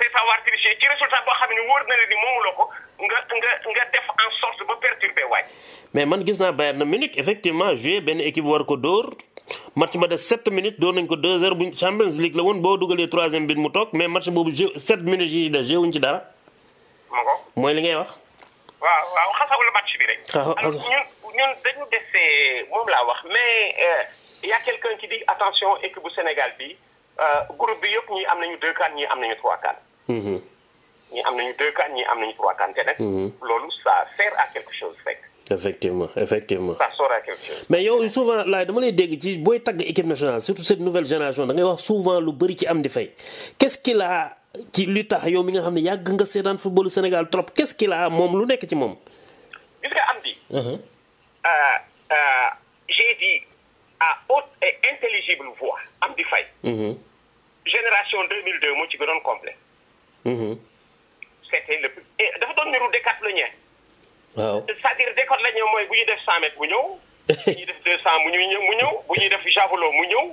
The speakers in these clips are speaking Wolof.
c'est savoir tricher Qui résultat boo xam ne wóor na la ni moomuloo ko nga nga nga def en sorte ba perturber waay. mais man gis naa Bayern Munich effectivement jouer ben équipe war ko match de 7 minutes doon nañ ko 2 heures buñ Champions League la woon boo dugalee troisième bit mu toog mais match bobu 7 minutes yi da jéewuñ ci dara. moy li ngay wax. waaw waaw xasaw la match bi rek. Ah, ah, ñun ñun dañu dese mom la wax mais il euh, y a quelqu'un qui dit attention équipe du Sénégal bi euh, groupe bi yop ñi am nañu 2 CAN ñi am nañu 3 CAN. Mm-hmm. ñi am nañu deux cas ni amnañ nañu trois cas te nag. Mm-hmm. ça sert à quelque chose fait effectivement effectivement. ça sort à quelque chose. mais yow souvent laay dama lay dégg ci boy tag équipe nationale surtout cette nouvelle génération da ngay wax souvent lu bari ci am di fay qu'est-ce qu'il a ci li tax yow mi nga xamné ne nga seetaan football Sénégal trop qu'est-ce qu'il a mom lu nekk ci moom. gis nga am di. Mm-hmm. Euh, euh, j'ai dit à haute et intelligible voix am di fay. génération 2002 mo ci gënoon complet c'était mm-hmm. le eh, dafa doon niru décathlonien. waaw c'est-à-dire décathlonien mooy bu ñuy def 100 mètres bu ñëw. bu ñuy def 200 mu ñuy ñëw mu ñëw bu ñuy def javelot mu ñëw.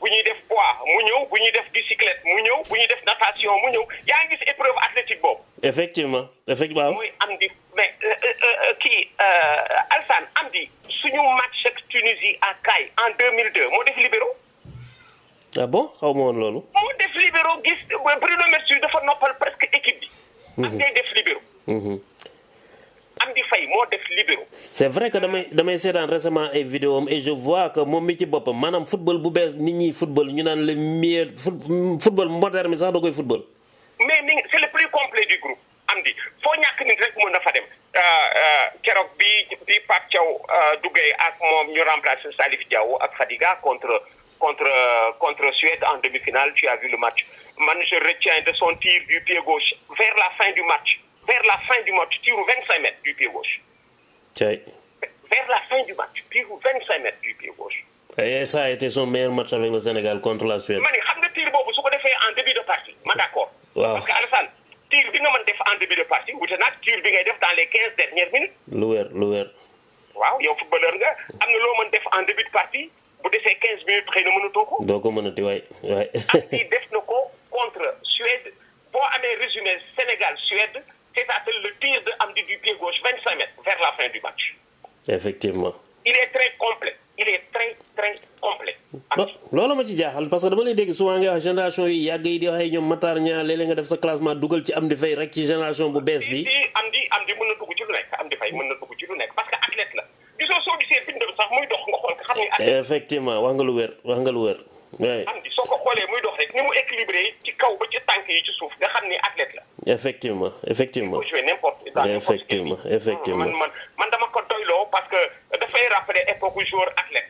bu ñuy def poids mu ñëw bu ñuy def bicyclette mu ñëw bu ñuy def natation mu ñëw yaa ngi gis épreuve athlétique boobu. effectivement effectivement. mooy am di mais euh, euh, euh, kii Alsane am di suñu match ak Tunisie à Kay en 2002 moo def libéro. ah bon xaw ma loolu. libéraux gis Bruno Metsu dafa noppal presque équipe bi. Mhm. ak ngay def libéraux. Mhm. di fay moo def libéraux. c'est vrai que damay damay seetaan récemment ay vidéo am et je vois que moom mi ci boppam maanaam football bu bees nit ñi football ñu naan le meilleur football moderne bi sax da koy football. mais ni c'est le plus complet du groupe am di foo ñàkk nit rek mën na fa dem. Euh, euh, keroog bi bi Pape Thiaw euh, duggee ak moom ñu remplacer Salif Diao ak Fadiga contre contre, contre Suède en demi-finale, tu as vu le match. Manager je retiens de son tir du pied gauche vers la fin du match. Vers la fin du match, tire 25 mètres du pied gauche. Okay. Vers la fin du match, tire 25 mètres du pied gauche. Et eh, ça a été son meilleur match avec le Sénégal contre la Suède. tir je sais que le fait en début de partie. Je d'accord. Wow. Parce qu'Alassane, tir que je def en début de partie, ou je tir que je def dans les 15 dernières minutes. Louer, louer. Wow, il y a un footballeur. Je sais que en début de partie bu desee 15 minutes xëy na mënatoo ko. doo ko mënati waay waay. ak kii contre Suède boo amee résumé Sénégal Suède c'est est le tir de Amdi du pied gauche 25 mètres vers la fin du match. effectivement. il est très complet il est très très complet. loolu ma ci jaaxal parce que dama lay dégg souvent nga wax génération yi yàgg yi di wax ay ñoom Matar ñaa léeg nga def sa classement dugal ci Amdi fay rek ci génération bu bees bi. si Amdi Amdi mën na dugg ci lu nekk Amdi fay mën na dugg ci lu nekk parce que athlète la gisoo soo gisee bindam sax muy dox nga eh, effectivement wax nga lu wér wax nga lu wér. am di soo ko xoolee muy dox rek ni mu équilibré ci kaw ba ci tank yi ci suuf nga xam athlète la. effectivement effectivement je faut jouer n'importe effectivement effectivement man man dama ko toylo parce que fay rappeler époque joueur athlète.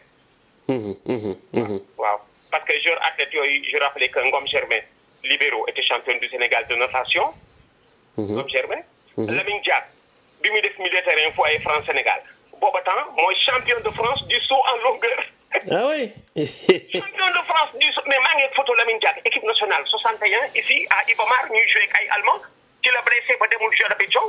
Hum, hum, hum, waaw parce que joueur athlète yooyu je rappelle que Ngom Germain Libéro était champion du Sénégal de natation. Ngom Germain. Lamine Diack bi mu def milieu terrain fu ay France Sénégal booba mon champion de France du saut en longueur. ah oui. champion de France du saut mais moi j'ai une photo Lamine Diack équipe nationale 61 ici à Ibomar nous jouons avec Allemand, Allemands qui la blessé ba le jeu d'Abidjan.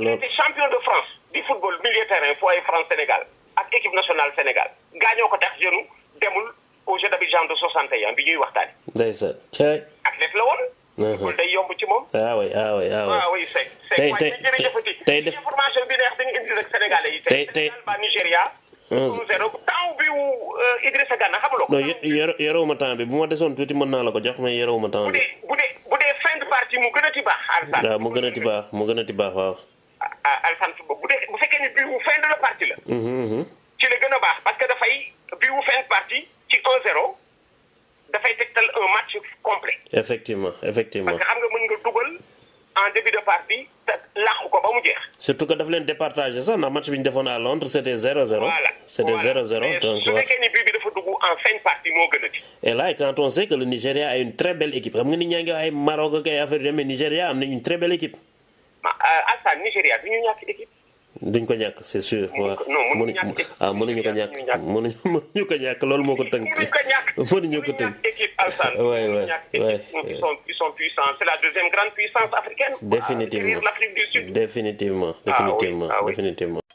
il était champion de France du football militaire pour foyer France Sénégal avec l'équipe nationale Sénégal Gagnons contre tax genou demul au jeu d'Abidjan de 61 bi ñuy waxtaanee. ndeysaan caay. athlète la woon. loolu day yomb ah, ah oui ah oui ah oui. c'est oui c'est c'est tey tey tey tey Alba Nigéria. Ah. taw bi wu euh, Idrissa Gana xamuloo ko. non yorewuma temps bi bu ma desoon tuuti mën naa la ko jox mais yorewuma temps bi. bu dee bu dee fin de partie mu gën a ti baax. Alassane waaw mu gën a ti baax mu gën a ti baax waaw. Alassane bu dee bu fekkee ni bii wu fin de la partie la. Mhm, mhm. ci la gën a baax parce que dafay bii wu fin de partie ci 1-0 dafay tegtal un match complet. effectivement effectivement parce que xam nga mën nga dugal en début de partie te làqu ko. surtout que daf leen départager dans le match bi ñu à Londres c'était 0-0. c'était 0-0 et là quand on sait que le Nigeria a une très belle équipe le Nigeria a ngi Maroc affaire am une très belle équipe. ah euh, Nigeria, ñu équipe duñ ko c'est sûr la deuxième grande puissance africaine définitivement ah, définitivement ah définitivement ah définitivement